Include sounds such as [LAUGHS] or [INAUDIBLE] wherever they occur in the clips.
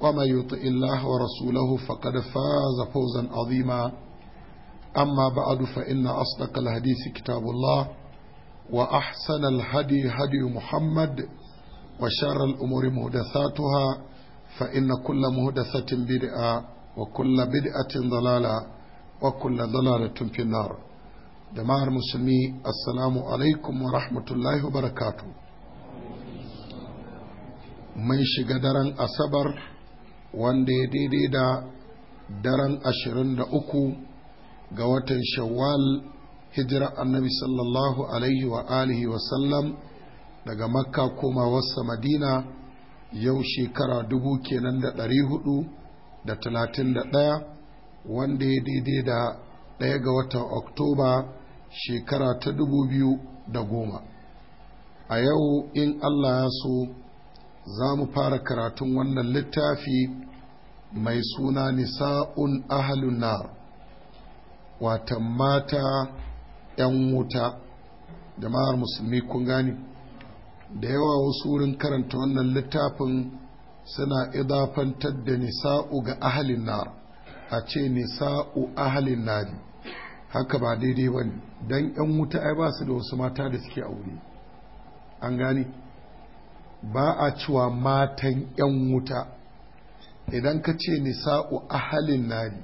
وما يطع الله ورسوله فقد فاز فوزا عظيما أما بعد فإن أصدق الحديث كتاب الله وأحسن الهدي هدي محمد وشر الأمور مهدثاتها فإن كل مهدثة بدعة وكل بدعة ضلالة وكل ضلالة في النار jama'ar musulmi assalamu alaikum wa rahmatullahi wa barakatu mun shiga daren asabar wanda ya daidai da daren uku ga watan shawwal hijira annabi sallallahu alaihi wa alihi sallam daga makka koma komawarsa madina yau shekara dubu kenan da ɗari hudu da talatin da ɗaya wanda ya daidai da ɗaya ga watan oktoba shekara ta dubu biyu da goma a yau in allah ya so za mu fara karatun wannan littafi mai suna nisa'un ahalun nar watan mata 'yan wuta jama'ar musulmi kun gani da yawa wasu wurin karanta wannan littafin suna idafantar da nisa'u ga ahalin nar a ce nisa'u ahalin nari haka ba daidai ba ne don 'yan wuta ai ba su da wasu mata da suke aure an gani ba a cewa matan 'yan wuta idan ka ce nisa'u ahalin nari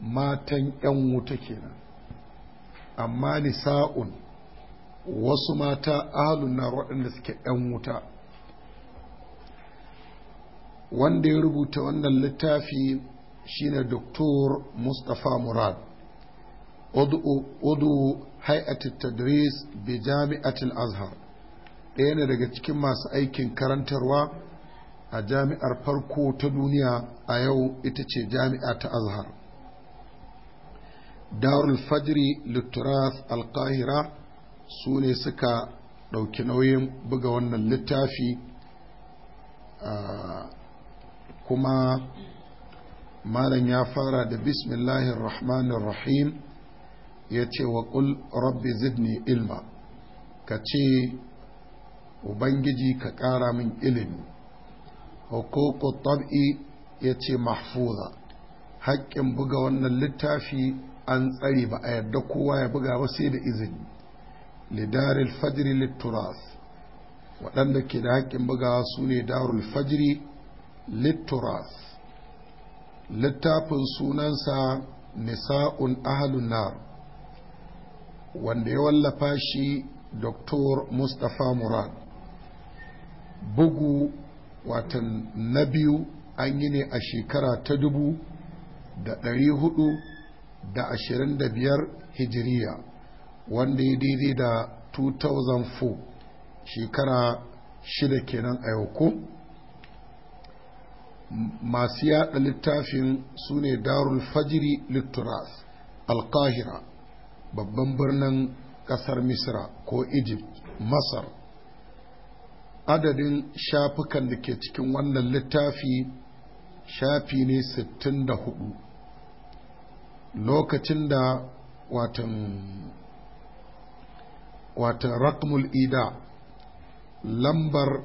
matan 'yan wuta kenan amma nisa'un wasu mata ahalun na waɗanda suke 'yan wuta wanda ya rubuta wannan littafi shine doktor mustapha murad udu hay'atul tadris bi jami'atul azhar ɗaya ne daga cikin masu aikin karantarwa a jami'ar farko ta duniya a yau ita ce jami'a ta azhar darul fajri littoras alkahira su ne suka ɗauki nauyin buga wannan littafi kuma malam ya fara da bismillahir rahmanir rahim ya ce wa ƙul rabbi zidni ilma ka ce ubangiji ka ƙara min ilimi hukuku tab'i ya ce mahfuza haƙƙin buga wannan littafi an tsare ba a yarda kowa ya buga ba sai da izini lidaril fajri litturas waɗanda ke da haƙƙin bugawa su ne darul fajri litturas littafin sunansa nisa'un ahalun nar wanda ya wallafa shi Dr. Mustapha Murad bugu watan na biyu an yi ne a shekara ta dubu da ɗari hudu da ashirin da biyar hijiriya wanda ya daidai da 2004 shekara shida kenan a yau ko masu yada littafin su ne darul fajiri litturas alkahira babban birnin Kasar misra ko egypt masar adadin shafukan da ke cikin wannan littafi shafi ne 64 lokacin da watan watan rakmul ida lambar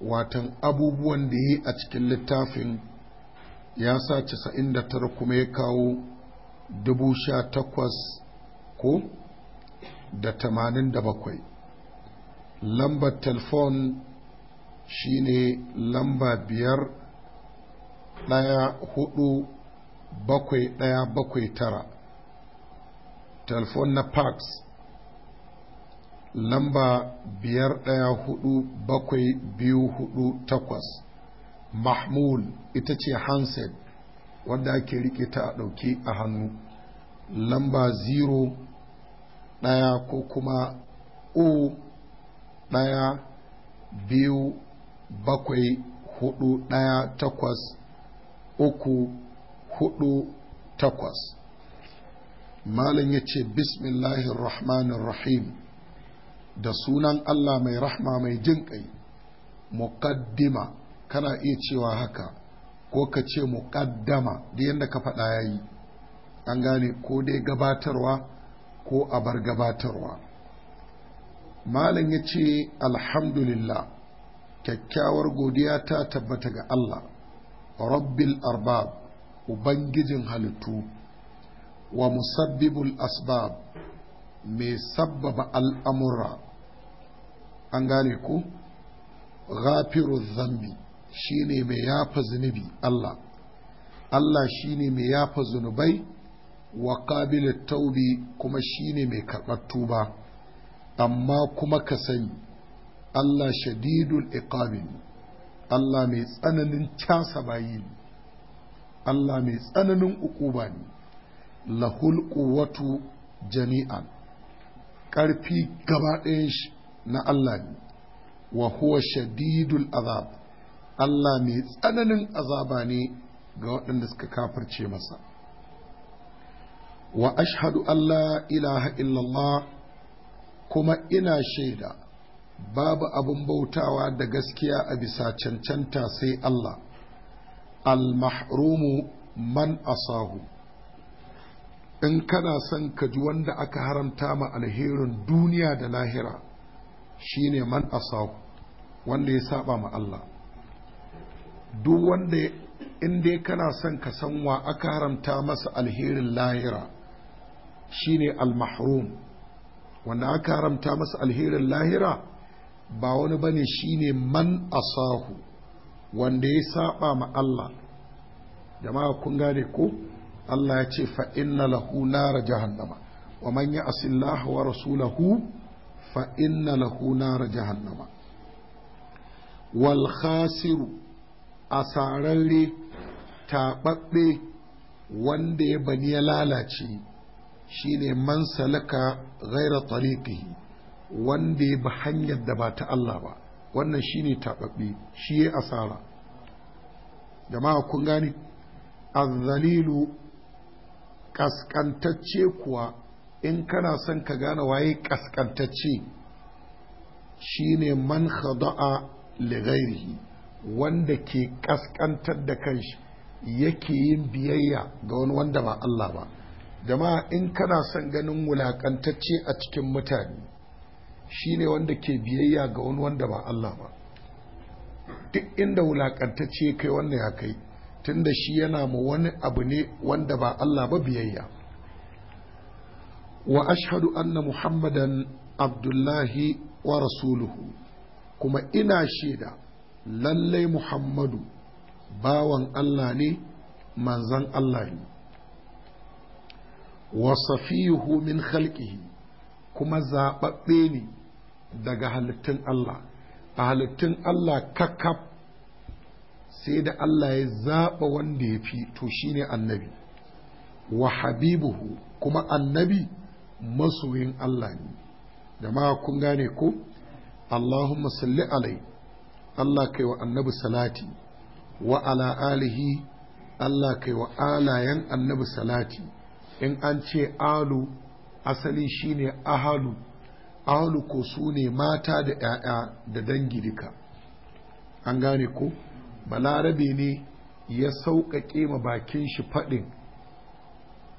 watan abubuwan da yi a cikin littafin ya sa 99 kuma ya kawo 18,000 ko da 87 lambar telefon shine lamba biyar ɗaya hudu bakwai ɗaya bakwai tara telefon na parks lamba biyar ɗaya hudu bakwai biyu hudu takwas mahmul ita ce handset wadda ake rike ta a ɗauki a hannu lamba zero ɗaya ko kuma O. ɗaya biyu bakwai hudu ɗaya takwas uku hudu takwas malam ya ce rahim da sunan allah mai rahma mai jin ƙai muƙaddima kana iya cewa haka ko ka ce muƙaddama da yadda ka faɗa ya yi an gane ko dai gabatarwa ko a bar gabatarwa malam ya ce alhamdulillah kyakkyawar godiya ta tabbata ga Allah rabbil arbab ubangijin halittu wa musabbibul asbab mai sabbaba al'amura an gane ku ghafiru zambi shine mai yafa zunubi Allah Allah shine mai yafa zunubai wa ƙabilin taubi kuma shine mai karɓar tuba amma kuma ka sani Allah shadidul iqabi Allah mai tsananin casa bayi ne Allah mai tsananin ukuba ne lahul quwwatu jami'an ƙarfi gaba ɗayan shi na Allah ne wa huwa shadidul azab Allah mai tsananin azaba ne ga waɗanda suka kafirce masa wa ashhadu an la ilaha illallah kuma ina shaida babu abin bautawa da gaskiya a bisa cancanta sai Allah al-mahrumu man asahu in kana son ka ji wanda aka haramta ma alherin duniya da lahira shine man asahu wanda ya saba ma Allah duk wanda in dai kana son ka san wa aka haramta masa alherin lahira shine al-mahrum wanda aka haramta masa alherin lahira ba wani bane shine man asahu wanda ya saba ma Allah jama'a kun gane ko Allah ya ce fa lahu nara jahannama wa man ya'si Allah wa rasulahu fa lahu nara jahannama wal khasiru asararre taɓaɓɓe wanda ya bani ya lalace Shi ne man salaka gaira tariqihi wanda ya bi hanyar da ba ta Allah ba wannan shi ne tababbe shi ya asara jama'a kun gane azzalilu kaskantacce kuwa in kana son ka gane waye kaskantacce ne man khada'a li wanda ke kaskantar da kanshi yake yin biyayya ga wani wanda ba Allah ba jama'a in kana son ganin wulakantacce a cikin mutane shine wanda ke biyayya ga wani wanda ba Allah ba duk inda wulakantacce kai wannan ya kai tunda shi yana ma wani abu ne wanda ba Allah ba biyayya wa ashhadu anna muhammadan abdullahi wa rasuluhu kuma ina shaida lallai muhammadu bawan Allah ne manzan Allah ne wasafihu safihu min khalqihi kuma zaɓaɓɓe ne daga halittun Allah a halittun Allah kakaf sai da Allah ya zaɓa wanda ya fi to shine annabi wa habibuhu kuma annabi masoyin Allah ne jama'a kun gane ko Allahumma salli alai Allah kai wa annabi salati wa ala alihi Allah kai wa alayen annabi salati in an ce alu asali shine ahalu ahalu ko su ne mata da 'ya'ya da dangi duka an gane ko balarabe ne ya sauƙaƙe ma bakin shi faɗin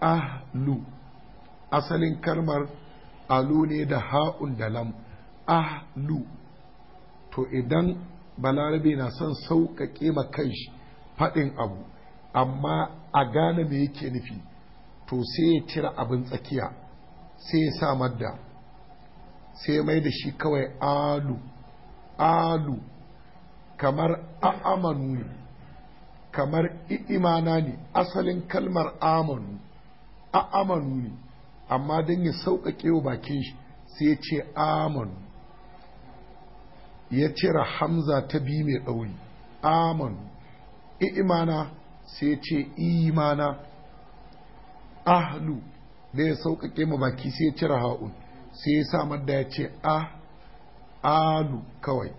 ahlu asalin kalmar alu ne da ha'un da lam ahlu to idan balarabe na son sauƙaƙe ma shi faɗin abu amma a gane me yake nufi to sai ya cire abin tsakiya sai ya samar da sai ya mai da shi kawai alu alu kamar a'amanu ne kamar imana ne asalin kalmar amanu a'amanu ne amma don ya sauƙaƙe wa bakin shi sai ya ce amanu ya cire hamza ta biyu mai ɗauri amanu imana sai ya ce imana ahlu da ya sauƙaƙe ma baki sai ya cire ha'un sai ya sa madda ya ce a ah, alu kawai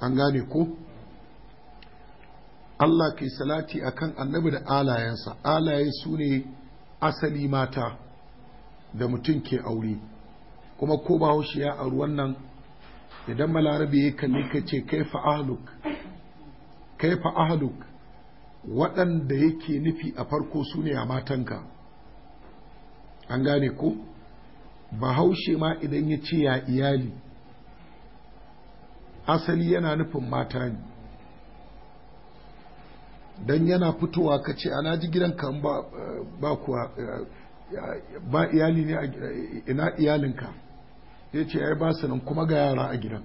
an gane ko Allah kai salati akan annabi da alayensa alaye su ne asali mata da mutum ke aure kuma ko ba ya a wannan idan malarabe ya kalli ka ce kai ahluk ahluk waɗanda yake nufi a farko su ne a matanka an gane ko bahaushe ma idan ya ce ya iyali asali yana nufin mata ne don yana fitowa ka ce ana ji gidanka ba ba kuwa ba iyali ne ina iyalinka ya ce ai ba nan kuma ga yara a gidan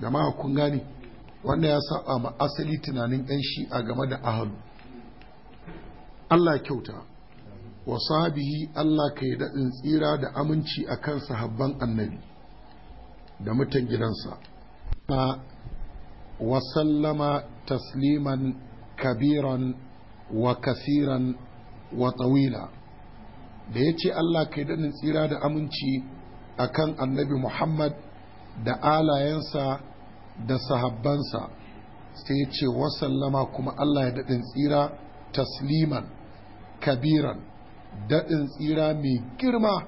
jama'a kun gane wanda ya saba ma asali tunanin 'yan shi'a game da ahalu Allah kyauta wa sahabihi Allah ka yi daɗin tsira da aminci a kan sahabban annabi da mutan gidansa wa sallama tasliman kabiran wa kasiran wa tawila da ya ce Allah ka yi daɗin tsira da aminci a kan annabi Muhammad da alayensa da sahabbansa sai ya ce sallama kuma Allah ya daɗin tsira tasliman kabiran daɗin tsira mai girma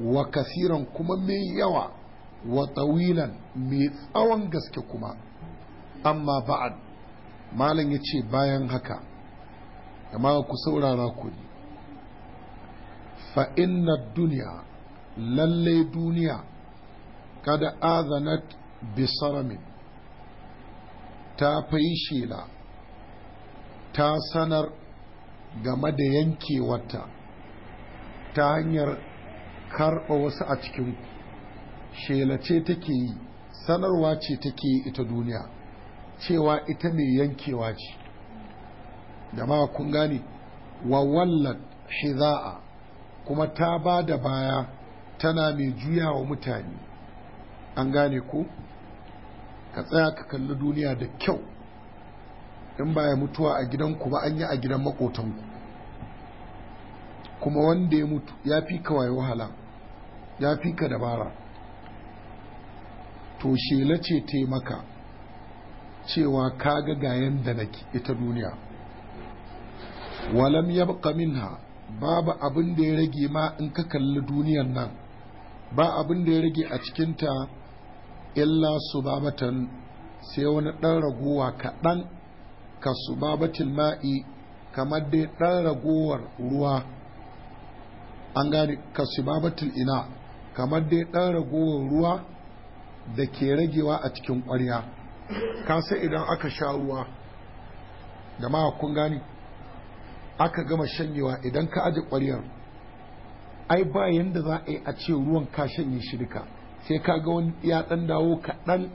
wa kasiran kuma mai yawa wa tsawilan mai tsawon gaske kuma amma ba'ad malam ya ce bayan haka amma ku saurara ku ne fa'innar duniya lallai duniya kada azanat bisaramin ta fai shela ta sanar game da yankewarta ta hanyar karɓa wasu a cikin shelace take yi sanarwa ce take yi ita duniya cewa ita ne yankewa ce jama'a kun gane wa wallan hiza'a kuma ta ba da baya tana mai juya wa mutane an gane ko ka tsaya ka kalli duniya da kyau in ba ya mutuwa a gidanku ba an yi a gidan makotanku kuma wanda ya mutu ya fi ka waye wahala ya fi ka dabara to shela ce maka, cewa ka ga yanda nake ita duniya walam yabqa minha babu abin da ya rage ma in ka kalli duniyan nan ba abin da ya rage a cikin cikinta illa su babatan sai wani ɗan raguwa kaɗan ka ma'i kamar dai ɗan ragowar ruwa an gane ka ina kamar dai ɗan ragowar ruwa da ke ragewa a cikin ƙwarya ka sai idan aka sha ruwa da ma kun gani aka gama shanyewa idan ka aje ƙwaryar ai ba yanda za a yi a ce ruwan ka shanye shi duka sai ka ga wani ya ɗan dawo kaɗan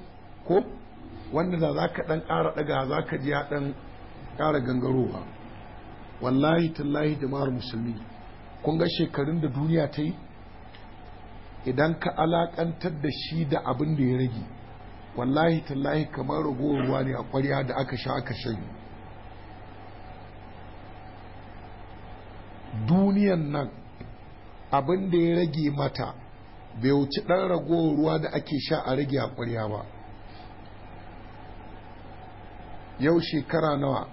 ko wanda da za ka ɗan ƙara ɗaga za ka ji ya ɗan ƙara gangarowa wallahi tallahi mara musulmi kun ga shekarun da duniya ta yi idan ka alaƙantar da shi da abin da ya rage wallahi tallahi kamar ragowar ruwa ne a ƙwarya da aka sha aka yi. duniyan nan abin da ya rage mata bai wuci ɗan ragowar ruwa da ake sha a rage a ƙwarya ba yau shekara nawa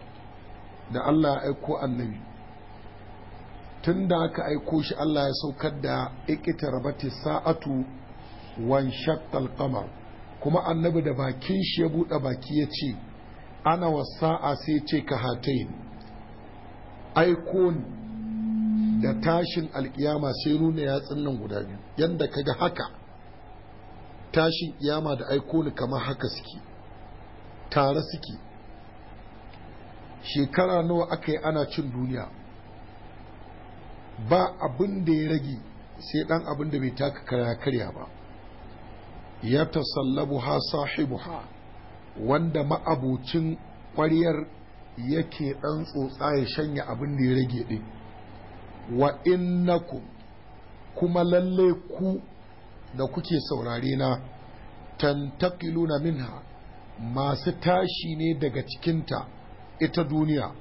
da Allah ya aiko annabi tun da aka aiko shi Allah ya saukar da ikitarabati sa'atu wan shaqqal qamar kuma annabi da bakin shi ya buɗe baki ya ce ana wasa'a sai ce ka hatai aikon da tashin alkiyama sai nuna yatsun nan guda biyu yadda ga haka tashin kiyama da aikoni kamar haka suke tare suke shekara nawa aka yi ana cin duniya ba abin da ya rage sai dan abin da bai taka karya karya ba ya tasallabu ha sahibu ha wanda ma'abucin ƙwaryar yake ɗan tsotsa ya shanya abin da ya rage din. wa innaku kuma lalle ku da kuke saurare na tantakiluna minha masu tashi ne daga cikinta ita duniya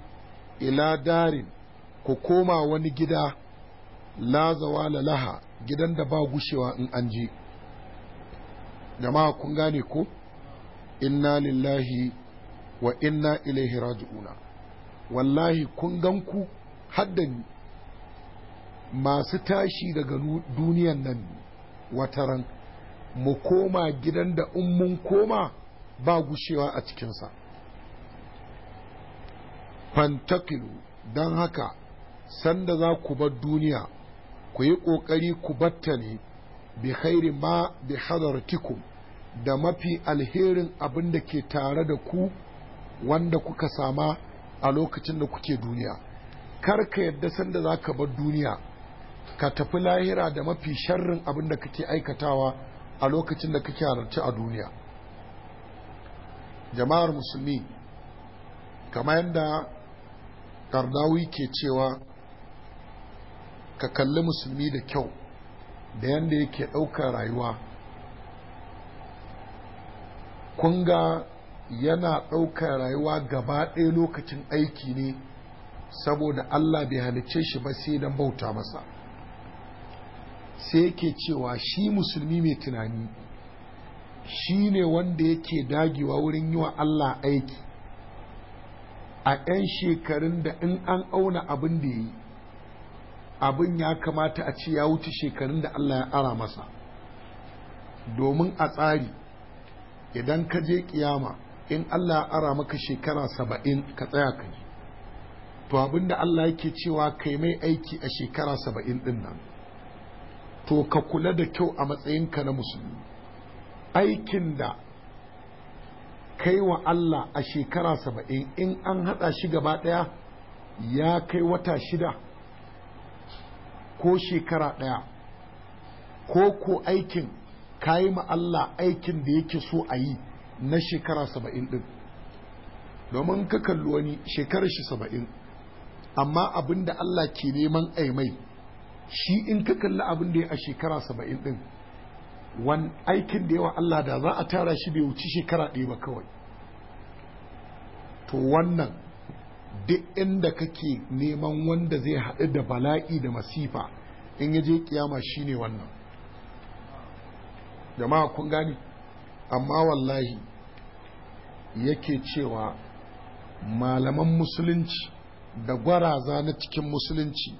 ila darin ku koma wani gida la zawala laha gidan da ba gushewa in an je jama'a kun gane ko inna lillahi wa inna ilaihi raji'una wallahi kun gan ku haddani masu tashi daga duniyan nan wataran mu koma gidan da in mun koma ba gushewa a cikinsa fantakilu don haka sanda za ku bar duniya ku yi ƙoƙari ku battane bi khairi ma bi hadartikum da mafi alherin abin da ke tare da ku wanda kuka sama a lokacin da kuke duniya kar ka yadda sanda za ka bar duniya ka tafi lahira da mafi sharrin abin da kake aikatawa a lokacin da kake halarci a duniya jama'ar musulmi kamar yadda kardawi ke cewa ka kalli musulmi da kyau da yadda yake ɗaukar rayuwa kunga yana ɗaukar rayuwa gaba ɗaya lokacin aiki ne saboda allah bai halicce shi ba sai don bauta masa sai yake cewa shi musulmi mai tunani shi ne wanda yake dagewa wurin yi wa allah aiki a 'yan shekarun da in an auna abin da ya yi abin ya kamata a ce ya wuce shekarun da Allah ya ara masa domin a tsari idan ka je kiyama in Allah ya ara maka shekara saba'in ka tsaya ka ji to abin da Allah yake cewa kai mai aiki a shekara saba'in din nan to ka kula da kyau a matsayinka na musulmi aikin da kai wa Allah a shekara saba'in in an haɗa shi gaba ɗaya ya kai wata shida ko shekara ɗaya ko ko aikin kayi ma Allah aikin da yake so a yi na shekara saba'in ɗin domin ka kalli wani shekarar shi saba'in amma abin da Allah ke neman aimai shi in ka kalli abin da ya a shekara saba'in ɗin wani aikin da yawa Allah da za a tara shi bai wuci shekara ɗaya ba kawai to wannan duk inda kake neman wanda zai haɗu da bala'i da masifa in yaje je shi ne wannan jama'a kun gane amma wallahi yake cewa malaman musulunci da gwaraza na cikin musulunci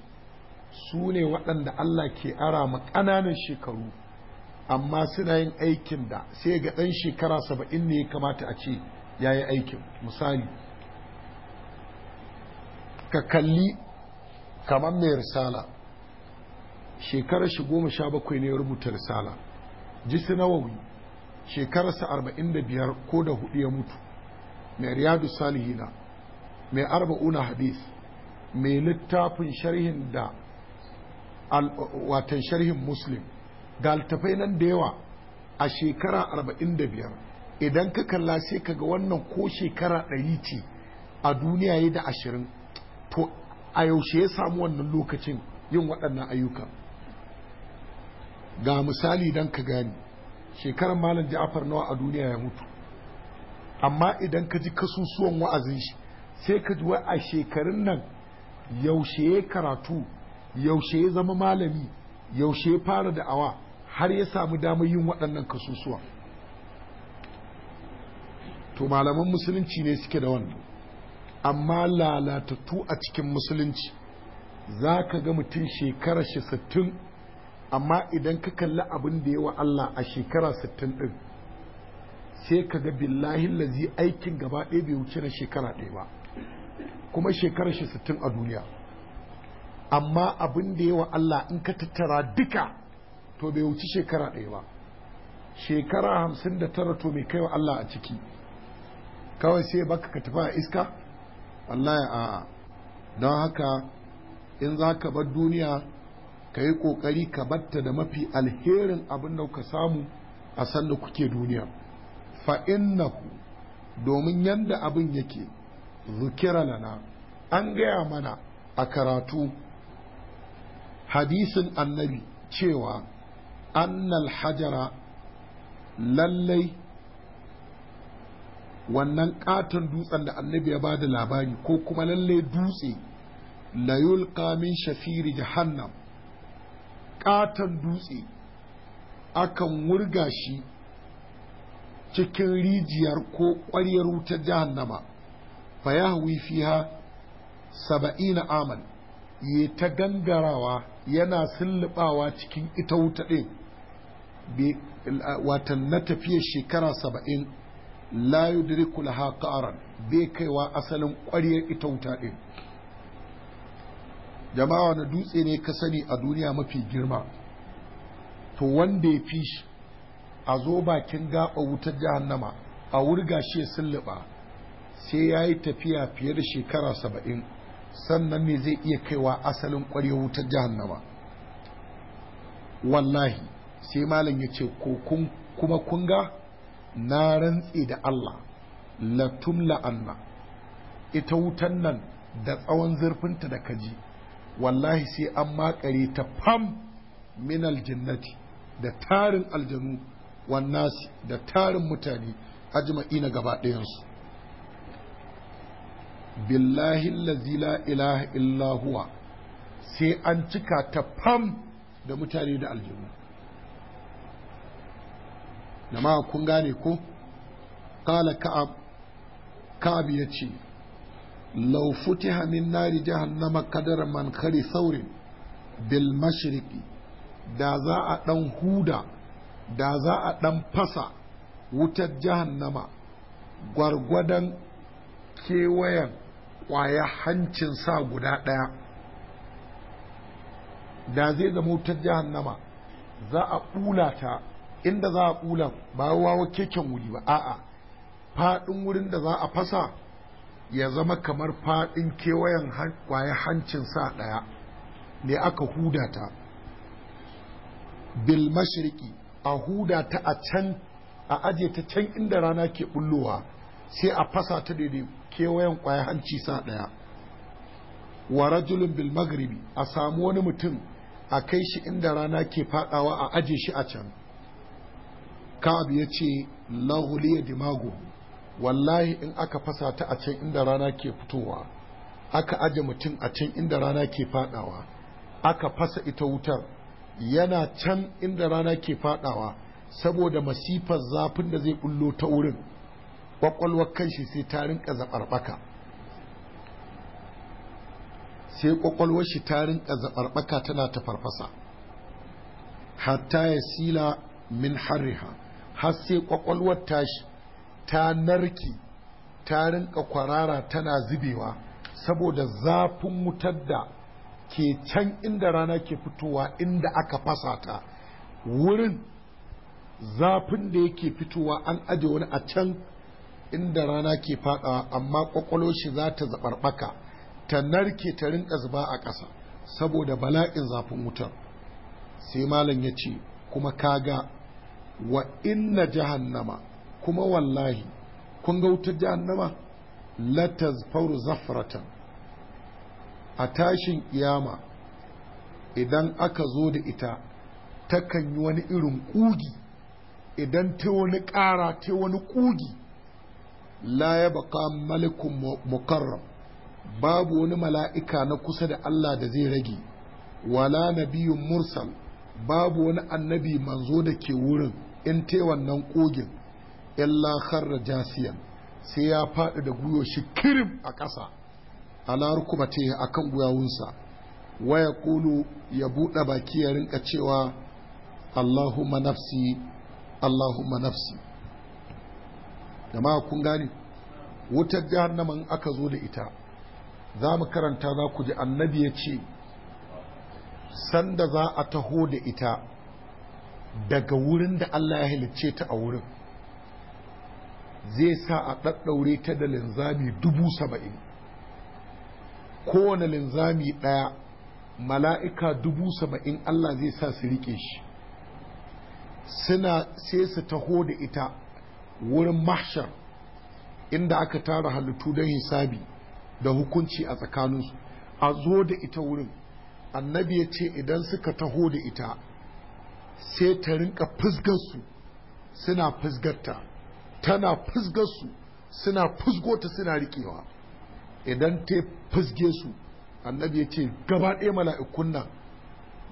su ne waɗanda Allah ke ara ma ƙananan shekaru amma suna yin aikin da sai ga ɗan shekara saba'in ne ya kamata a ce ya yi aikin misali ka kalli kamar mai risala shekarar shi goma sha bakwai ne ya rubuta risala jisi nawawi shekararsa arba'in da biyar ko da hudu ya mutu mai riyadu salihina mai arba'una hadis mai littafin sharhin da watan sharhin muslim ga altafai nan da yawa a shekara arba'in da biyar idan ka kalla sai ka ga wannan ko shekara ɗari ce a duniya ya da ashirin to a yaushe ya samu wannan lokacin yin waɗannan ayyuka ga misali don ka gani shekarar malam ja'afar nawa a duniya ya mutu amma idan ka ji kasusuwan wa'azin shi sai ka ji a shekarun nan yaushe ya karatu yaushe ya zama malami yaushe ya fara da'awa har ya samu damar yin waɗannan kasusuwa to malaman musulunci ne suke da wannan amma lalatattu a cikin musulunci za ka ga mutum shekara shi amma idan ka kalli abin da yawa Allah a shekara sittin ɗin sai ka ga billahin lazi aikin gaba ɗaya bai wuce na shekara ɗaya ba kuma shekara shi a duniya amma abin da yawa Allah in ka tattara duka to bai wuci shekara ɗaya ba shekara hamsin da tara to mai kaiwa Allah a ciki kawai sai baka ka tafi a iska wallahi a'a don haka in za ka bar duniya ka yi ƙoƙari ka batta da mafi alherin abin da ka samu a sanda kuke duniya ku. domin yadda abin yake zukira lana an gaya mana a karatu hadisin annabi cewa annal hajara lallai wannan katon dutsen da annabi ya ba da labari ko kuma lallai dutse layul min shafiri jahannam katon dutse akan wurga shi cikin rijiyar ko ƙwaryar wutar jahannama fa ya fiha saba'ina amal ya ta gangarawa yana sullubawa cikin ita wuta ɗin watan na tafiya shekara saba'in da yudriku laha haƙaran bai kaiwa asalin ƙwaryar ita wuta ɗin jama'a na dutse ne ka sani a duniya mafi girma to wanda ya fi a zo bakin gaɓa wutar jahannama a wurga shi ya sulluɓa sai ya yi tafiya fiye da shekara saba'in sannan ne zai iya kaiwa asalin ƙwaryar wutar jahannama wallahi sai malam ya ce ko kun kuma kun ga na rantse da Allah tumla anna ita wutan nan da tsawon zurfinta da kaji wallahi sai an makare ta fam min aljannati da tarin aljanu wannasi da tarin mutane ajma'ina gaba ɗayansu billahi allazi la ilaha illa huwa sai an cika ta fam da mutane da aljanu nama kun gane ko kala ka'ab ka'ab ya ce futiha min nari jahannama qadara man mankari saurin bil da za a dan huda da za a dan fasa wutar jahannama gwargwadon kewayen kwaya hancin sa guda ɗaya da zai zama wutar jahannama za a ɓula ta inda za a kula ba wawa keken wuri ba a'a faɗin wurin da za a fasa ya zama kamar faɗin kewayen kwaye hancin sa ɗaya ne aka huda ta bil mashirki a huda ta a can a aje ta can inda rana ke bullowa sai a fasa ta daidai kewayen kwaye hanci sa ɗaya wa rajulun bil magribi a samu wani mutum a kai shi inda rana ke faɗawa a aje shi a can ka'ab ya ce ya dimago wallahi in aka fasa ta a can inda rana ke fitowa aka aje mutum a can inda rana ke fadawa aka fasa ita wutar yana can inda rana ke fadawa saboda masifar zafin da zai bullo ta wurin kwakwalwar kanshi sai ta rinka zaɓarɓaka sai kwakwalwar shi ta rinka zaɓarɓaka tana ta farfasa hatta ya sila min harriha har sai kwakwalwar tashi ta narki ta rinka kwarara tana zubewa saboda zafin wutar da ke can inda rana ke fitowa inda aka fasa ta wurin zafin da yake fitowa an aje wani a can inda rana ke fadawa amma kwakwaloshi shi za ta zabarbaka ta narke ta rinka zuba a ƙasa saboda bala'in zafin wutar sai malam ya ce kuma kaga wa inna jahannama kuma wallahi kun ga wutar jahannama la tazfaru zafratan a tashin iyama, idan aka zo da ita takan yi wani irin kugi idan ta wani ƙara ta wani kugi la ya baka malikun mukarram babu wani mala'ika na kusa da Allah da zai rage wala nabiyun mursal babu wani annabi manzo da ke wurin in te wannan kogin illa kharra jasiyan sai ya faɗi da guyo shi kirim a ƙasa ala a akan guyawunsa waya kulu ya buɗe baki ya rinka cewa allahumma nafsi allahumma nafsi jama'a kun gane wutar jahannaman aka zo da ita za mu karanta za ku ji annabi ya ce sanda za a taho da ita daga wurin da Allah ya halicce ta a wurin zai sa a ɗaɗɗaure ta da linzami dubu saba'in kowane linzami ɗaya mala'ika dubu saba'in Allah zai sa su riƙe shi suna sai su taho da ita wurin mahshar inda aka tara halittu don hisabi da hukunci a tsakaninsu a zo da ita wurin annabi ya ce idan suka taho da ita sai ta rinka fusgarsu suna fusgarta tana fusgarsu suna fusgota suna riƙewa idan ta fusge su annabi ya ce gaba ɗaya mala'ikun nan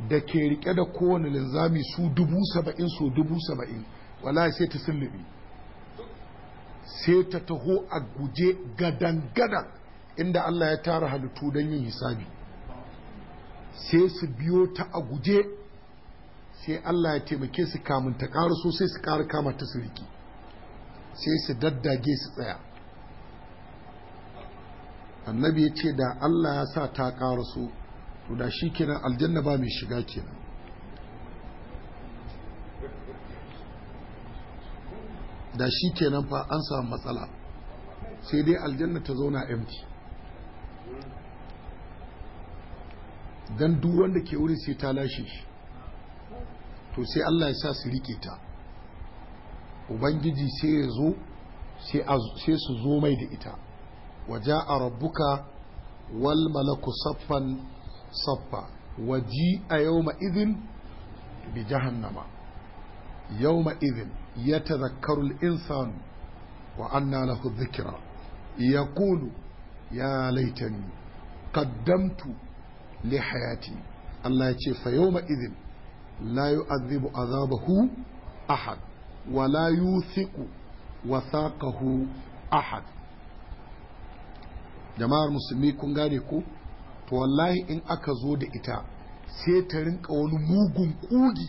da ke riƙe da kowane linzami su dubu saba'in su dubu saba'in wala sai ta sullubi sai ta taho a guje gadan-gadan inda Allah ya tara halittu don yin hisabi sai su biyo ta a guje sai Allah ya taimake su kamun ta ƙara so sai su ƙara kama ta su sai su daddage su tsaya annabi ya ce da Allah ya sa ta ƙara so to da shi kenan aljanna ba mai shiga kenan da shi kenan fa an samu matsala sai dai aljanna ta zauna empty dan duk wanda ke wurin sai ta lashe shi to sai Allah ya sa su riƙe ta ubangiji sai ya zo sai su zo mai da ita waje a rabbuka wal malaku saffan saffa waji a yawma izin bi jahannama yawma izin ya tazakkaru insan wa anna lahu ya kulu ya laitani qaddamtu li hayati Allah ya ce fa yawma izin la yu'adhibu azabahu ahad wa la yuthiqu wathaqahu ahad jama'ar musulmi kun gane ko to wallahi in aka zo da ita sai ta rinka wani mugun kugi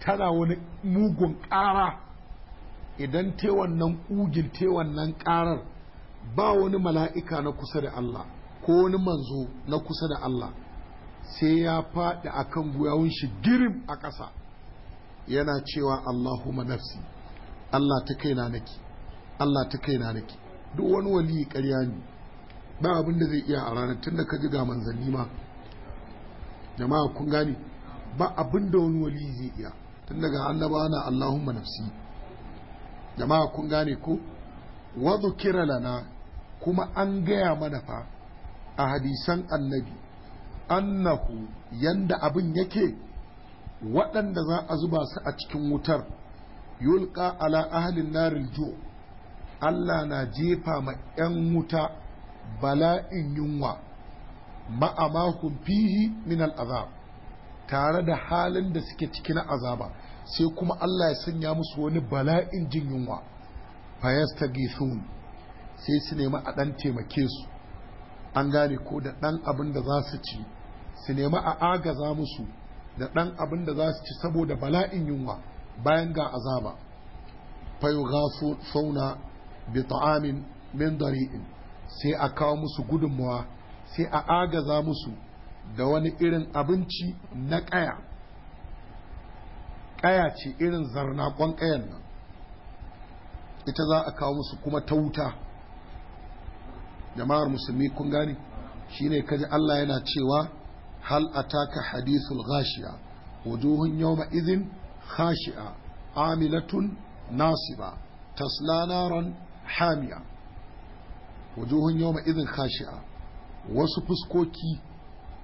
tana wani mugun ƙara idan yi wannan kugin yi wannan ƙarar ba wani mala'ika na kusa da Allah ko wani manzo na kusa da Allah sai ya faɗi akan gwiwawun shi girim a ƙasa yana cewa Allahumma nafsi Allah ta kaina naki Allah ta kaina naki duk wani wali ƙarya ne ba abin da zai iya a ranar tun da ka ji ga manzanni ma jama'a kun gane ba abin da wani wali zai iya tun daga annaba na Allahumma nafsi jama'a kun gane ko wa dhukira lana kuma an gaya mana fa a hadisan annabi annahu yanda abin yake waɗanda za a zuba su a cikin wutar yulka ala ahalin narin jo Allah na jefa ma 'yan wuta bala'in yunwa ma'amakun fihi min al'azab tare da halin da suke ciki na azaba sai kuma Allah ya sanya musu wani bala'in jin yunwa fayasta githun sai su nemi a ɗan taimake su an gane ko da ɗan abin da za su ci su nemi a agaza musu da ɗan abin da za su ci saboda bala'in yunwa bayan ga azaba fayu fauna bi ta'amin min dari'in sai a kawo musu gudunmawa sai a agaza musu da wani irin abinci na ƙaya ƙaya ce irin zarnaƙon ƙayan nan ita za a kawo musu kuma ta wuta jama'ar musulmi kun gani shine kaji Allah yana cewa hal ataka hadithul ghashiya wujuhun yawma idhin khashi'a amilatun nasiba tasla naran hamiya wujuhun yawma idhin khashi'a wasu fuskoki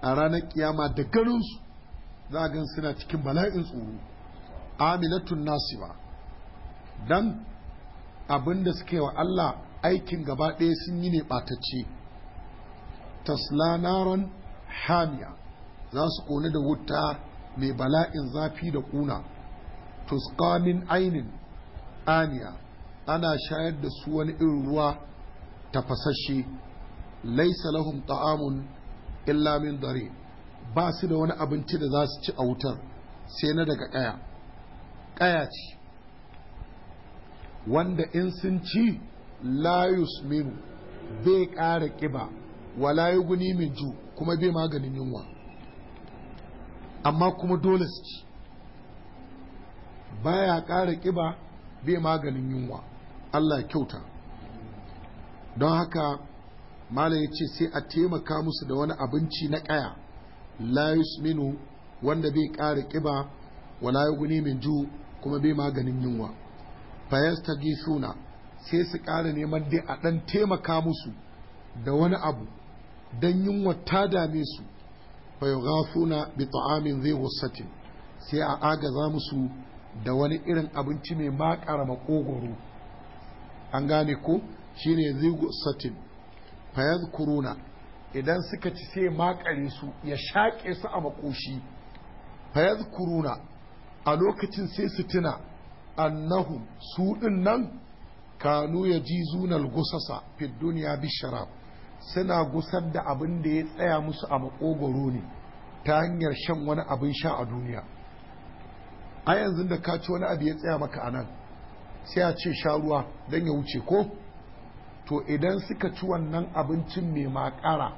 a ranar ƙiyama da garinsu za gan suna cikin bala'in tsoro amilatun nasiba dan abin da suke wa Allah aikin gaba ɗaya sun yi ne ɓatacce tasla naron hamiya za su kone da wuta mai bala'in zafi da kuna tuskamin ainin aniya ana shayar da su wani irin ruwa tafasashe laisa lahum ta'amun illa min dare ba su da wani abinci da za su ci a wutar sai na daga kaya. Kaya ce wanda in sun ci layus minu bai ƙara ƙiba wa layuguni min ju kuma bai maganin yunwa amma kuma dole su ci baya ƙara ƙiba bai maganin yunwa Allah kyauta don haka malam ya ce sai a taimaka musu da wani abinci na ƙaya la yusminu wanda bai ƙara ƙiba wala guni min ju kuma bai maganin yunwa fayas fayasta suna sai su ƙara neman dai a ɗan taimaka musu da wani abu don yunwa ta dame su fa bi ta'amin zai ghussatin sai a agaza musu da wani irin abinci mai makara makogoro an gane ko shine zai ghussatin fa kuruna idan suka ci sai makare su ya shaƙe su a makoshi fa kuruna a lokacin sai su tuna annahu su nan kanu ya ji zunar gusasa fi duniya bi sharab suna gusar da abin da ya tsaya musu a makogoro ne ta hanyar shan wani abin sha a duniya a yanzu da ka ci wani abu ya tsaya maka a nan sai a ce sha ruwa don ya wuce ko to idan suka ci wannan abincin mai makara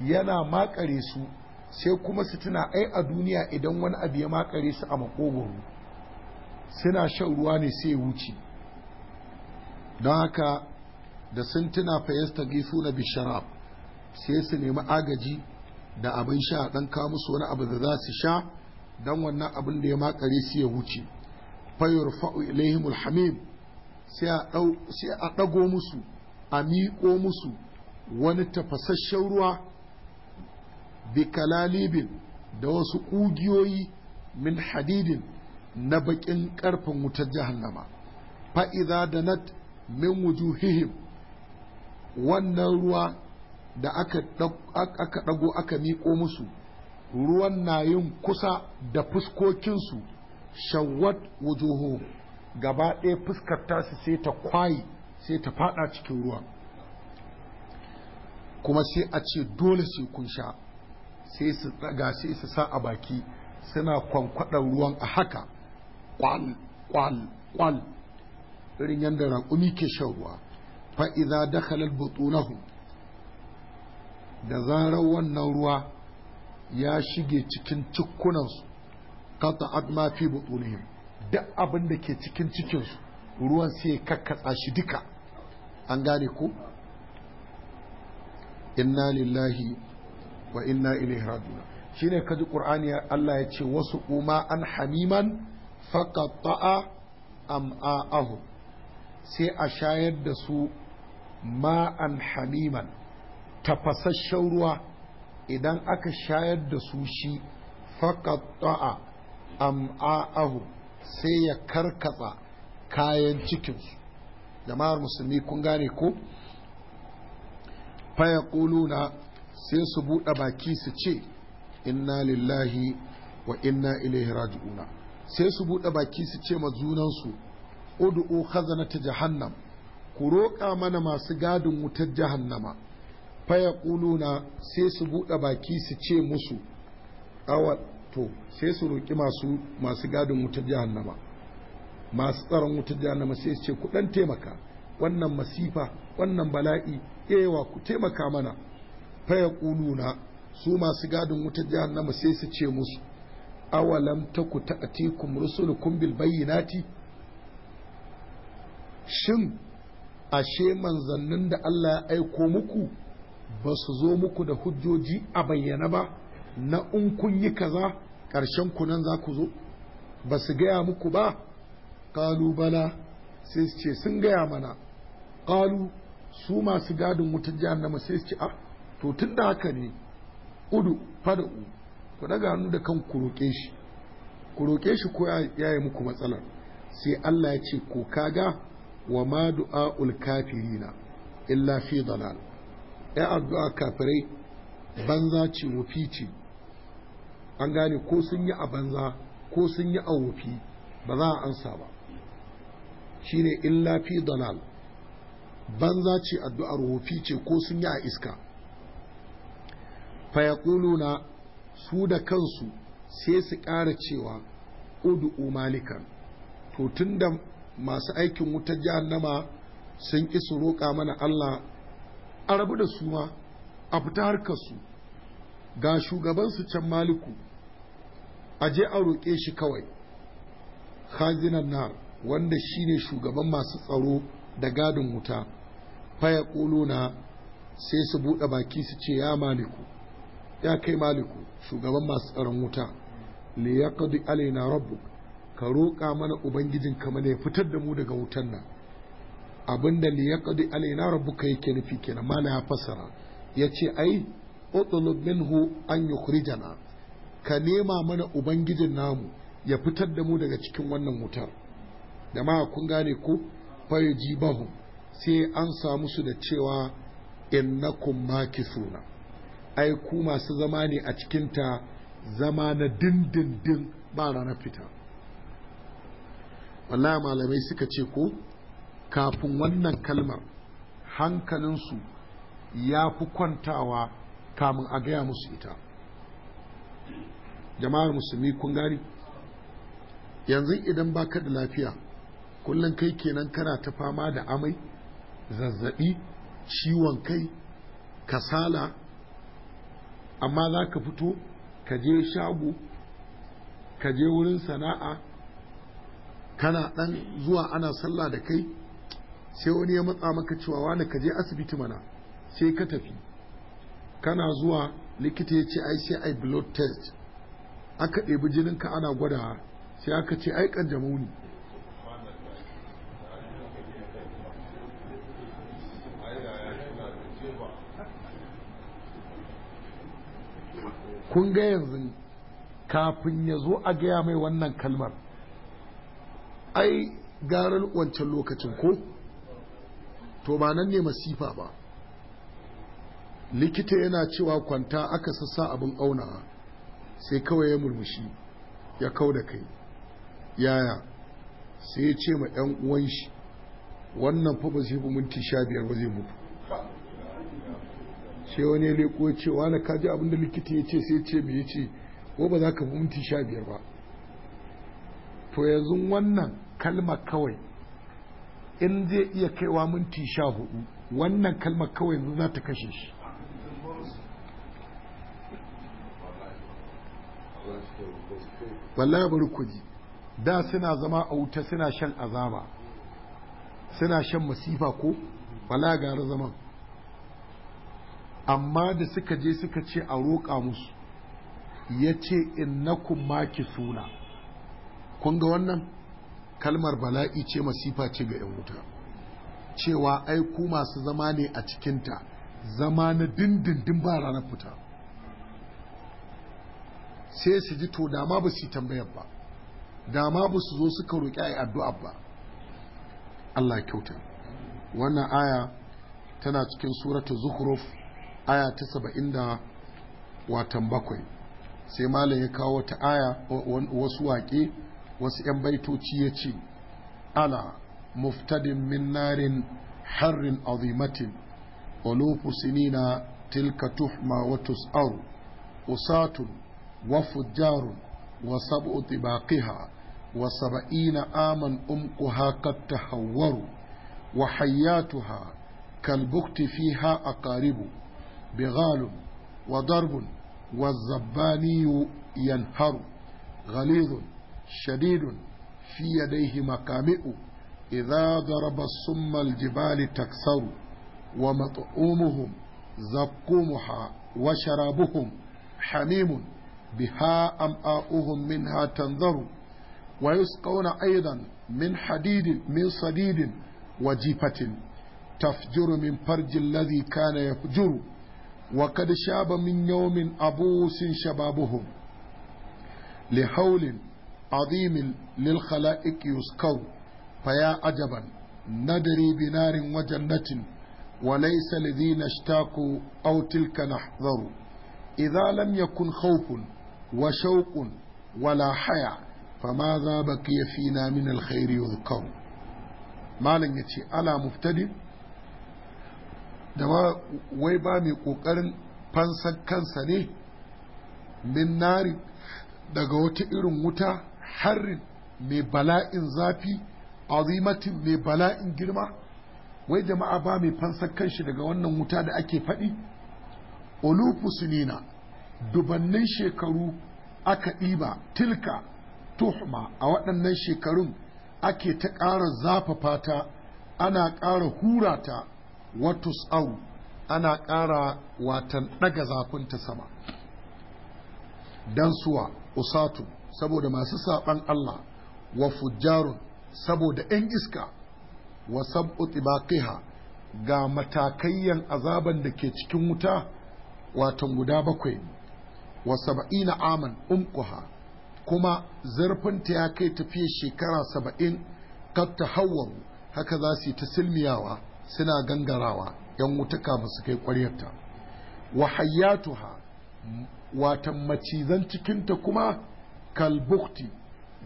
yana makare su sai kuma su tuna ai a duniya idan wani abu ya makare su a makogoro suna shan ruwa ne sai ya wuce don haka da sun tuna gifu na bisharab sai su nemi agaji da abin sha dan ka musu wani abu da za su sha dan wannan abin da ya makare su ya wuce fa Fa'u ilaihimul hamim sai a ɗago musu a miƙo musu wani tafasasshen ruwa bi bikalalibin da wasu ƙugiyoyi min hadidin na baƙin ƙarfin wutar jahannama fa'iza da nat min wujuhihim wannan ruwa da aka ɗago aka miƙo musu ruwan na yin kusa da fuskokinsu shawwat wujuhu gaba ɗaya fuskar tasu sai ta kwayi sai ta faɗa cikin ruwa kuma sai a ce dole sai kun sha sai su ɗaga sai su sa a baki suna kwankwaɗar ruwan a haka kwal kwal kwal irin yadda raƙumi ke shan ruwa fa'iza da dakhalal butunahu da zarar wannan ruwa ya shige cikin cikunansu kata adma fi butunihim duk abin da ke cikin cikinsu ruwan sai ya kakkatsa shi duka an gane ku? inna lillahi wa inna ilaihi raji'un shine kaji qur'ani Allah ya ce wasu kuma an hamiman faqatta'a am'a'ahu sai a shayar da su ma'an hamiman tafasasshen ruwa idan aka shayar da su shi faƙaɗa'a am'a'ahu sai ya karkatsa kayan cikinsu jama'ar musulmi kun gane ko faya ƙuluna sai su buɗe baki su ce inna lillahi wa inna ilaihi raji'una sai su buɗe baki su ce ma junansu khazanata jahannam ku roƙa mana masu gadin wutar jahannama faya ƙuluna sai su buɗe baki su ce musu awal. to sai su roƙi masu gadin wutar jahannama masu tsaron wutar jahannama sai su ce ku ɗan taimaka wannan masifa wannan bala'i ewa ku taimaka mana faya ƙuluna su masu gadin wutar jahannama sai su ce musu awalam ta ku ta'atikum rusulukun bil bayyinati shin ashe manzannin da Allah ya aiko muku ba su zo muku da hujjoji a bayyana ba na in kun yi kaza ƙarshen kunan za ku zo ba su gaya muku ba ƙalu bala sai su ce sun gaya mana ƙalu su masu gadin wutar jihar sai su ce a ah, to tun da haka ne udu fada'u ku daga hannu da kan ku roƙe shi ku roƙe shi ko ya yi muku matsalar sai Allah ya ce ko kaga wa ma na, kafirina illa fi dalal ya addu'a kafirai banza ce wufi ce an gane ko sun yi a banza ko sun yi a wufi ba za a ansa ba shine illa fi dalal banza ce addu'ar wufi ce ko sun yi a iska fayaquluna su da kansu sai su ƙara cewa udu'u malikan to tunda masu aikin wutar jahannama sun ƙi su roƙa mana Allah a rabu da su ma a fita harkar su ga shugabansu can maliku a je a roƙe shi kawai khazinan na wanda shine shugaban masu tsaro da gadin wuta faya na sai su buɗe baki su ce ya maliku ya kai maliku shugaban masu tsaron wuta li alaina rabbuk ka roƙa mana ubangijin kama ne fitar da mu daga wutan nan abinda ya kadi alaina rabbuka yake nufi kenan mana ya fassara yace ai utlub minhu an yukhrijana ka nema mana ubangijin namu ya fitar da mu daga cikin wannan wutar da ma kun gane ko ji bahu sai an samu su da cewa innakum makisuna ai ku masu zama ne a cikinta zama na dindindin ba ranar fita wallahi malamai suka ce ko kafin wannan kalmar hankalinsu ya fi kwantawa kamun a gaya musu ita jama'ar musulmi kun gari yanzu idan baka da lafiya kullum kai kenan kana ta fama da amai zazzabi ciwon kai kasala amma za ka fito ka je shago ka je wurin sana'a kana dan zuwa ana sallah da kai sai wani ya matsa maka cewa wani ka je asibiti mana sai ka tafi kana zuwa likita ya ce ai sai ai blood test aka ɗebi jininka ana gwada sai aka ce ai kanjamau ne kun ga yanzu kafin ya zo a gaya mai wannan kalmar ai garar wancan lokacin ko to ba nan ne masifa ba likita yana cewa kwanta aka sassa abin auna sai kawai ya murmushi ya kau da kai yaya sai ya ce ma 'yan uwan shi wannan fa ba zai fi minti sha biyar ba zai mutu ce wani ya leko ya ce wani kaji abin da likita ya ce sai ce me ya ce ko ba za ka fi minti sha biyar ba to yanzu wannan kalmar kawai in zai iya kaiwa minti sha hudu wannan kalmar kawai yanzu za ta kashe shi wallahi bari ku da suna zama a wuta suna shan azaba suna shan masifa ko bala gara zaman amma da suka je suka ce a roƙa musu ya ce innakum maki suna kun ga wannan kalmar bala'i ce masifa ce ga 'yan wuta cewa ai ku masu zama ne a cikinta zama na dindindin ba ranar fita sai su ji to dama ba su tambayar ba dama ba su zo suka roƙi a yi addu'a ba Allah kyauta wannan aya tana cikin suratu zuhruf, aya ta saba'in da watan bakwai sai malam ya kawo ta aya wasu waƙe wasu 'yan baitoci ya ce ala muftadin min narin harrin azimatin ulufu sinina tilka tuhma wa tus'aru usatun wa fujjarun wa sab'u tibaqiha wa sab'ina aman umquha qad tahawwaru wa hayyatuha kalbukti fiha aqaribu wa وضرب والزباني yanharu غليظ شديد في يديه مكامئ إذا ضرب الصم الجبال تكسر ومطعومهم زقومها وشرابهم حميم بها أمآؤهم منها تنظر ويسقون أيضا من حديد من صديد وجيفة تفجر من فرج الذي كان يفجر وقد شاب من يوم أبوس شبابهم لهول عظيم للخلائق يسكو فيا عجبا ندري بنار وجنة وليس الذين اشتاقوا أو تلك نحذر إذا لم يكن خوف وشوق ولا حيا فماذا بقي فينا من الخير يذكر ما لن يتي ألا مبتدئ da wai ba mai ƙoƙarin fansar kansa ne min nari daga wata irin wuta harrin mai bala'in zafi azimatin mai bala'in girma wai jama'a ba mai fansar kanshi daga wannan wuta da ake faɗi ulufu sunina dubannin shekaru aka ɗiba tilka tuhma a waɗannan shekarun ake ta ƙara zafafata, ana ƙara hura ta watus au ana ƙara watan ɗaga ta sama dan suwa usatu saboda masu saɓan Allah wa fujjarun saboda 'yan iska wa sab'u tibaqiha ga matakayyan azaban da ke cikin wuta watan guda bakwai wa saba'ina aman umquha kuma zurfinta ya kai tafiye shekara saba'in kad tahawwaru haka za su yi ta silmiyawa suna gangarawa yan wuta ba su kai ƙwaryarta wa hayyatuha watan macizan cikinta kuma kalbukti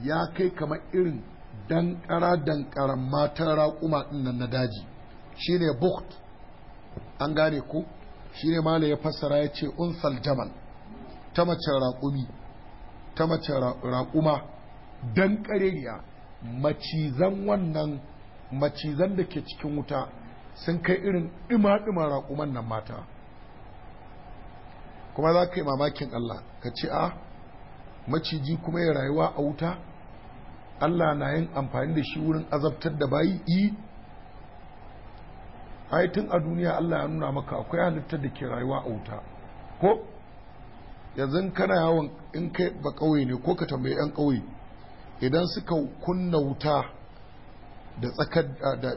ya kai kamar irin dankara dankara matan raƙuma ɗin nan na daji shine bukht an gane ko Shi mala ya fassara ya ce unsal jamal ta mace raƙumi ta mace raƙuma macizan wannan macizan da ke cikin wuta sun kai irin ɗima-ɗima raƙuman nan mata kuma za ka yi mamakin Allah ka ce a ah, maciji kuma ya rayuwa a wuta Allah na yin amfani da shi wurin azabtar da bayi yi tun a duniya Allah ya nuna maka akwai halittar da ke rayuwa a wuta ko yanzu kana yawon in kai ba ƙauye ne ko ka tambayi 'yan ƙauye idan suka kunna wuta da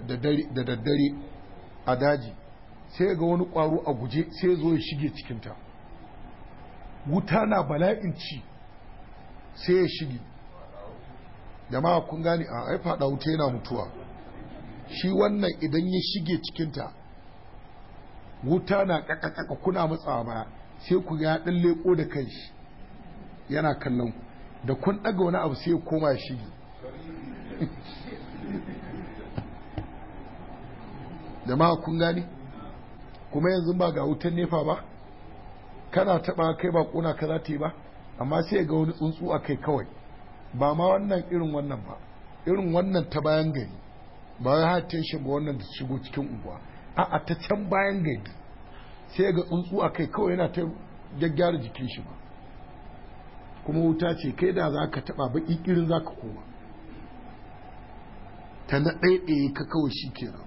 daddare a daji sai ga wani ƙwaro a guje sai zo ya shige cikinta wuta na bala'in ci sai ya shige jama'a kun gane a ai fada wuta yana mutuwa shi wannan idan ya shige cikinta wuta na kakakaka kuna matsawa baya sai ku ya dan leko da kai yana kallon ku da kun daga wani abu sai ya koma shige [LAUGHS] jama'a kun gane kuma yanzu ba ga wutan nefa ba kana taba kai ba kuna ka za ta yi ba amma sai ga wani tsuntsu a kai kawai ba ma wannan irin wannan ba irin wannan ta bayan gari ba ya hatin shiga wannan da shigo cikin unguwa a ta can bayan gari sai ga tsuntsu a kai kawai yana ta gyaggyara jikin shi ba kuma wuta ce kai da za ka taɓa ba irin za ka koma ta na ɗaiɗaye ka kawai shi kenan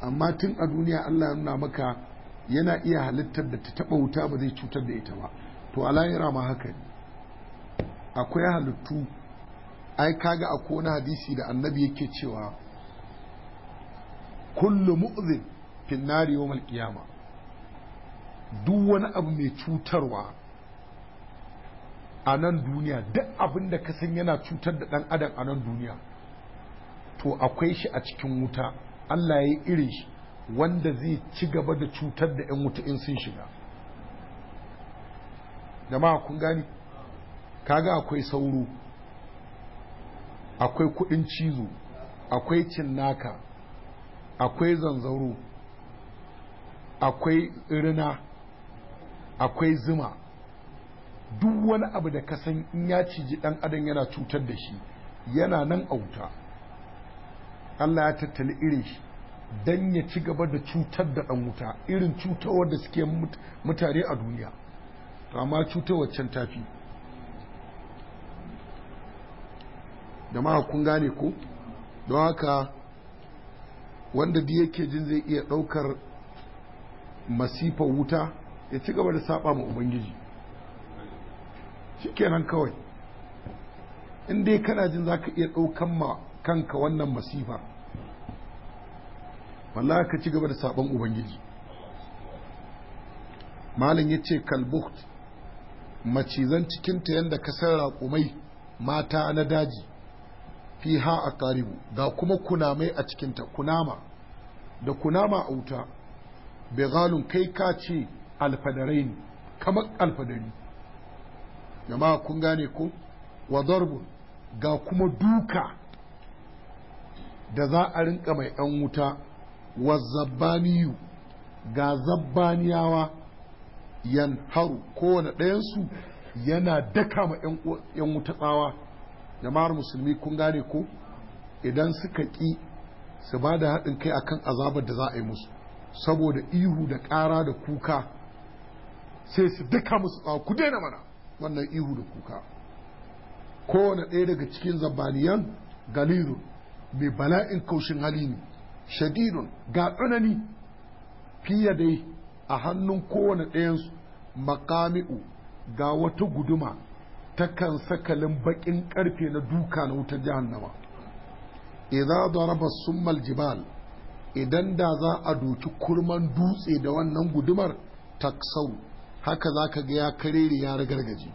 amma tun a duniya allah nuna maka yana iya halittar da ta taba wuta ba zai cutar da ita ba to ala ma haka ne akwai halittu ai kaga a kona hadisi da annabi yake cewa kullu mu'zin fil nari yawmal qiyama duk wani abu mai cutarwa a nan duniya duk abin da ka san yana cutar da dan adam a nan duniya to akwai shi a cikin wuta Allah ya yi irin shi wanda zai ci gaba da cutar da 'yan wuta in sun shiga jama'a kun gani kaga akwai sauro akwai kudin cizo akwai cinnaka akwai zanzaro akwai irina akwai zuma duk wani abu da kasan in ya ciji dan adam yana cutar da shi yana nan auta Allah ya tattali irin shi dan ya ci gaba da cutar da ɗan wuta irin cutar da suke mutane a duniya kama amma cutar waccan tafi da ma kun gane ko don haka wanda da yake jin zai iya ɗaukar masifar wuta ya ci gaba da saba ma ubangiji shikenan kawai in dai kana jin za ka iya daukan ma kanka wannan masifa wallahi ka ci gaba da saban ubangiji malam ya ce kalbukt macizan cikinta yadda ka san kumai mata na daji fi ha a karibu ga kuma kunamai a cikinta kunama da kunama a wuta begalun kai ka ce alfadarai ne kamar alfadari jama'a kun gane ko wa ga kuma duka da za a rinka mai ɗan wuta wa zabbaniyu ga zabbaniyawa Yan yanharu kowane ɗayansu yana daka ma 'yan wuta tsawa jama'ar musulmi kun gane ko idan suka ƙi su ba da haɗin kai akan azabar da za a yi musu saboda ihu da ƙara da kuka sai su daka musu tsawa ku daina mana wannan ihu da kuka kowane ɗaya daga cikin zabaniyan Galilun mai bala'in kaushin hali ne shadidun ga tsanani fiye dai a hannun kowane ɗayansu makami'u ga wata guduma takan sakalin baƙin ƙarfe na duka na wutar jahannama idza raba summal jibal idan da za a doki kurman dutse da wannan gudumar taksau haka za ka ga ya karere ya ragargaje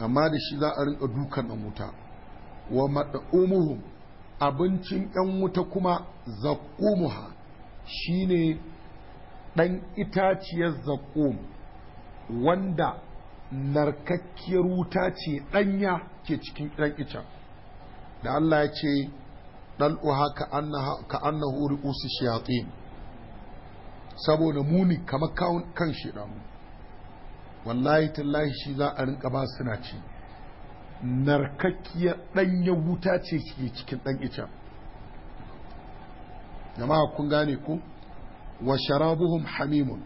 amma da shi za a rinka dukan ɗan wuta wa maɗa'umuhum abincin ‘yan wuta kuma shi shine ɗan itaciyar zakum wanda narkakkiyar wuta ce ɗanya ke cikin ɗan ita da Allah ya ce ɗal'uha ka annahu ru'usu shayatin saboda muni kamar kawun kan shedanu wallahi tallahi shi za a rinka ba suna ci narkakkiyar ɗanya wuta ce ke cikin ɗan ita jama'a kun gane ku wa sharabuhum hamimun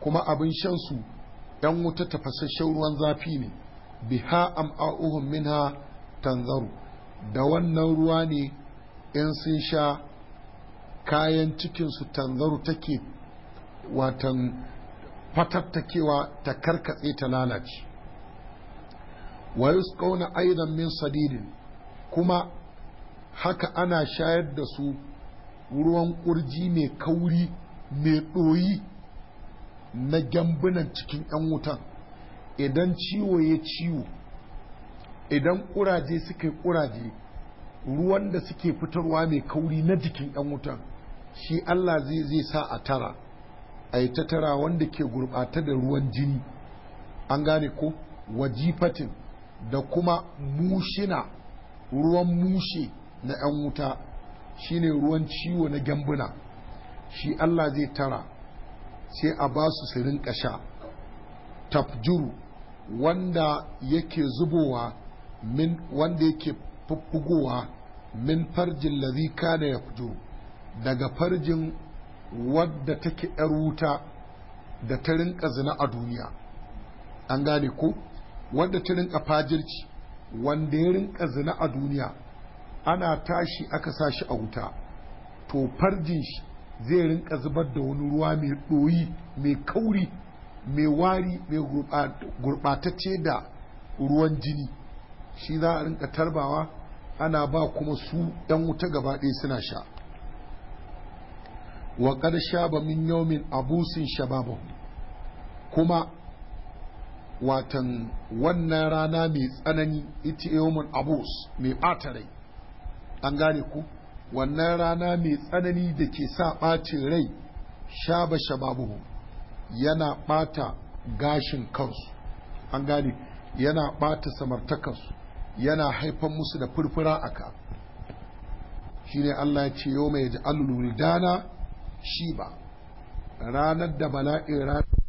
kuma abin shan su ‘yan wuta tafasasshen ruwan zafi ne biha am'a'uhum minha tanzaru da wannan ruwa ne in sun sha kayan cikinsu tanzaru take watan fatattakewa ta karkatse ta lalace wayus kauna aidan min sadidin kuma haka ana shayar da su ruwan ƙurji mai kauri mai ɗoyi na gyambunan cikin 'yan wutan idan ciwo ya ciwo idan ƙuraje suka yi ƙuraje ruwan da suke fitarwa mai kauri na jikin 'yan wutan shi Allah zai zai sa a tara a yi ta tara wanda ke gurɓata da ruwan jini an gane ko wajifatin da kuma mushina ruwan mushe na 'yan wuta shine ruwan ciwo na gyambuna shi Allah zai tara sai a ba su su rinka sha tafjuru wanda yake zubowa min wanda yake fuffugowa min farjin lazi kana ya fito daga farjin wadda take yar wuta da ta rinka zina a duniya an gane ko wadda ta rinka fajirci wanda ya rinka zina a duniya ana tashi aka sa shi a wuta to farjin shi zai rinka zubar da wani ruwa mai ɗoyi mai kauri mai wari mai gurɓatacce da ruwan jini shi za a rinka tarbawa ana ba kuma su ‘yan wuta gaba suna sha wa sha ba min min abusin ba, kuma watan wannan rana mai tsanani ita min abus mai ɓata rai an gane ku wannan rana mai tsanani da ke sa ɓacin rai shaba shababuhu yana ɓata gashin kansu an gane yana ɓata samartakansu yana haifan musu da furfura a ka shi ne Allah ya ce yau mai ji dana shi ba ranar da bala'in ranar